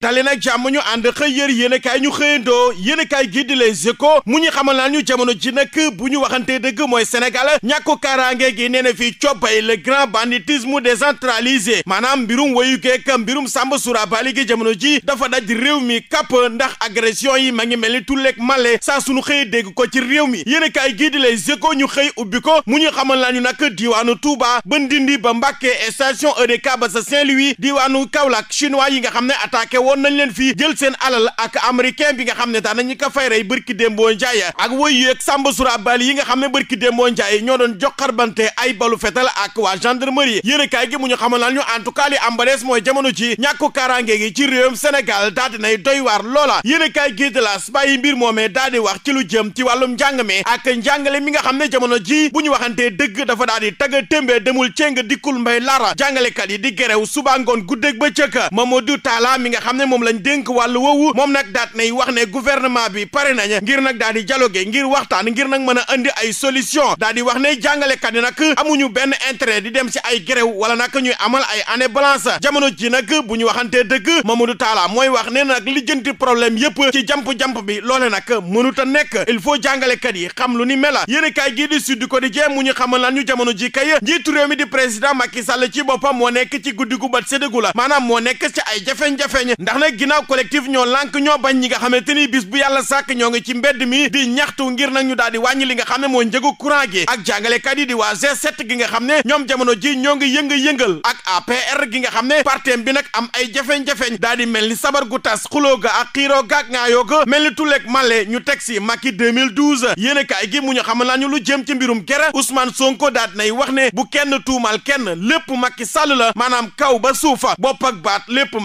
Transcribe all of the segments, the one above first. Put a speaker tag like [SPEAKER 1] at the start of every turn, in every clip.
[SPEAKER 1] dali nag jàmm ñu ànd xëy yër yéenekaay ñu xëyandoo yéenekaay gi di Les Échos mu ñu xamal naa ñu jamono ji nag bu ñu waxantee dëgg mooy Sénégal ñàkku kaaraange gi nee na fii cobbay le grand de décentralisé maanaam mbirum wayu geek mbirum Samba Surabali gi jamono ji dafa daj réew mi kàpp ndax agression yi ma ngi mel ni tulleeg male sa suñu xëy dégg ko ci réew mi yéenekaay gi di Les Échos ñu xëy ubbi ko mu ñu xamal naa ñu nag diiwaanu Touba ba Ndindi ba Mbàkke station EDK ba sa Saint-Louis diiwaanu Kaolack chinois yi nga xam ne attaqué woon nañ leen fii jël seen alal ak américain bi nga xam ne daanañu ko fay rey bërki démboo njaay ak wëyu ak sàmba sura bali yi nga xam ne bërki démboo njaay ñoo doon joxarbante ay balu fetal ak waa gendarmerie yéen kaay gi mu ñu xam naan ñu en tout cas li am ba des mooy jamono ci ñàkku kaaraange gi ci réewum Sénégal daal di nay doy waar loola yéen kaay gi de las bàyyi mbir moomee daal di wax ci lu jëm ci wàllum njàng mi ak mi nga xam ne jamono ji bu ñu waxantee dëgg dafa daal di tagga témbee demul cénga dikkul mbay lara jàngalekat yi di gerew suba ngoon guddeeg bëccëg Mamadou Talla mi nga xam xam ne moom lañ dénk wàllu woowu moom nag daat nay wax ne gouvernement bi pare nañ ngir na daal di dialoguer ngir waxtaan ngir nag mën a andi ay solution daal di wax ne jàngalekat yi nag amuñu benn intérêt di dem si ay grève wala nag ñuy amal ay année balance jamono ji nag bu ñu waxantee dëgg Mamadou Talla mooy wax ne nag lijjanti problème yëpp ci jamp-jamp bi loole nag mënut a nekk il faut jàngalekat yi xam lu ni mela yéen kaay gii di Sud Quotidien mu ñu xamal lan ñu jamono ji kay njiitu réew mi di président Macky Sall ci boppam moo nekk ci guddi gu bët séddagu la maanaam moo nekk ci ay jafeñ ndax nag ginnaaw collectif ñoo lànk ñoo bañ ñi nga xamante ni bis bu yàlla sàkk ñoo ngi ci mbedd mi di ñaxtu ngir nag ñu daal di wàññi li nga xam ne mooy njëgu courant gi ak jàngalekat yi di waa G7 gi nga xam ne ñoom jamono ji ñoo ngi yënga-yëngal ak APR gi nga xam ne partem bi nag am ay jafeñ-jafeñ daal di mel ni sabar gu tas xuloo ak xiiroo ga ak ngaayoo ga mel ni tulleeg male ñu teg si Macky 2012 yéen kaay gi mu ñu xamal nañu lu jëm ci mbirum gere Ousmane Sonko daat nay wax ne bu kenn tuumal kenn lépp Macky Sall la maanaam kaw ba suufa bopp ak baat lépp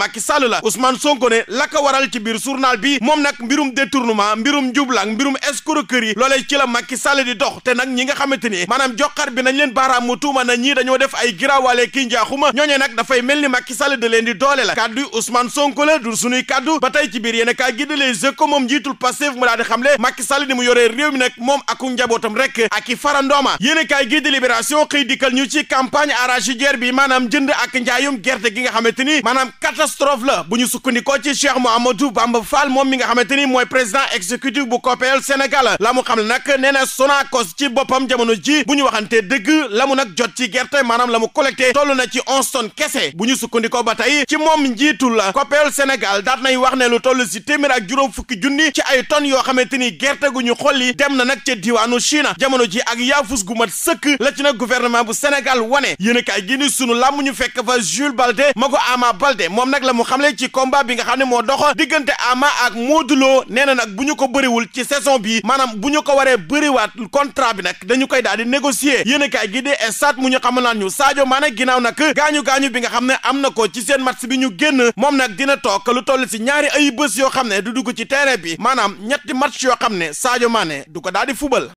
[SPEAKER 1] Ousmane Sonko ne la ko waral ci biir journal bi moom nag mbirum détournement mbirum njubla ak mbirum escroquerie loolee ci la Macky Sall di dox te nag ñi nga xamante ni maanaam joxar bi nañ leen baaraam mu tuuma na ñii dañoo def ay giraawaale kii njaaxuma ñooñee nag dafay mel ni Macky Sall leen di doole la kaddu Ousmane Sonko la du sunuy kaddu ba tey ci biir yéen a kaay gi de Les Échos moom njiitul Pastef mu daal di xamle Macky Sall ni mu yoree réew mi nag moom ak njabootam rek ak i ñu ci campagne arachidière bi maanaam jënd ak njaayum gerte gi nga xamante ni maanaam catastrophe la sukkandikoo ci Cheikh Mouhamadou Bamba faal moom mi nga xamante ni mooy président exécutif bu COPEEL Sénégal la mu xam ne nag nee na Sonacos ci boppam jamono ji bu ñu waxante dëgg la nag jot ci gerte maanaam la mu collecté toll na ci onze tonnes kese bu ñu sukkandikoo ba tey ci moom njiitul COPEEL Sénégal daat nay wax ne lu toll si téeméer ak juróom fukki junni ci ay tonnes yoo xamante ni gerte gu ñu xolli dem na nag ca diwaanu Chine jamono ji ak yaafus gu mat sëkk ci nag gouvernement bu Sénégal wane yéen a kaay gi sunu làmm ñu fekk fa Jules Balde ma moom nag la mu xamle ci combat combat bi nga xam ne moo dox diggante Ama ak Modou Lo nee na nag bu ñu ko bëriwul ci saison bii maanaam bu ñu ko waree bëriwaat contrat bi nag dañu koy daal di négocier yéen a kaay gi de stade mu ñu xamal naan ñu Sadio Mané ginnaaw nag gaañu gaañu bi nga xam ne am na ko ci seen match bi ñu génn moom nag dina toog lu toll si ñaari ay bés yoo xam ne du dugg ci terrain bi maanaam ñetti match yoo xam ne Sadio Mané du ko daal di fubal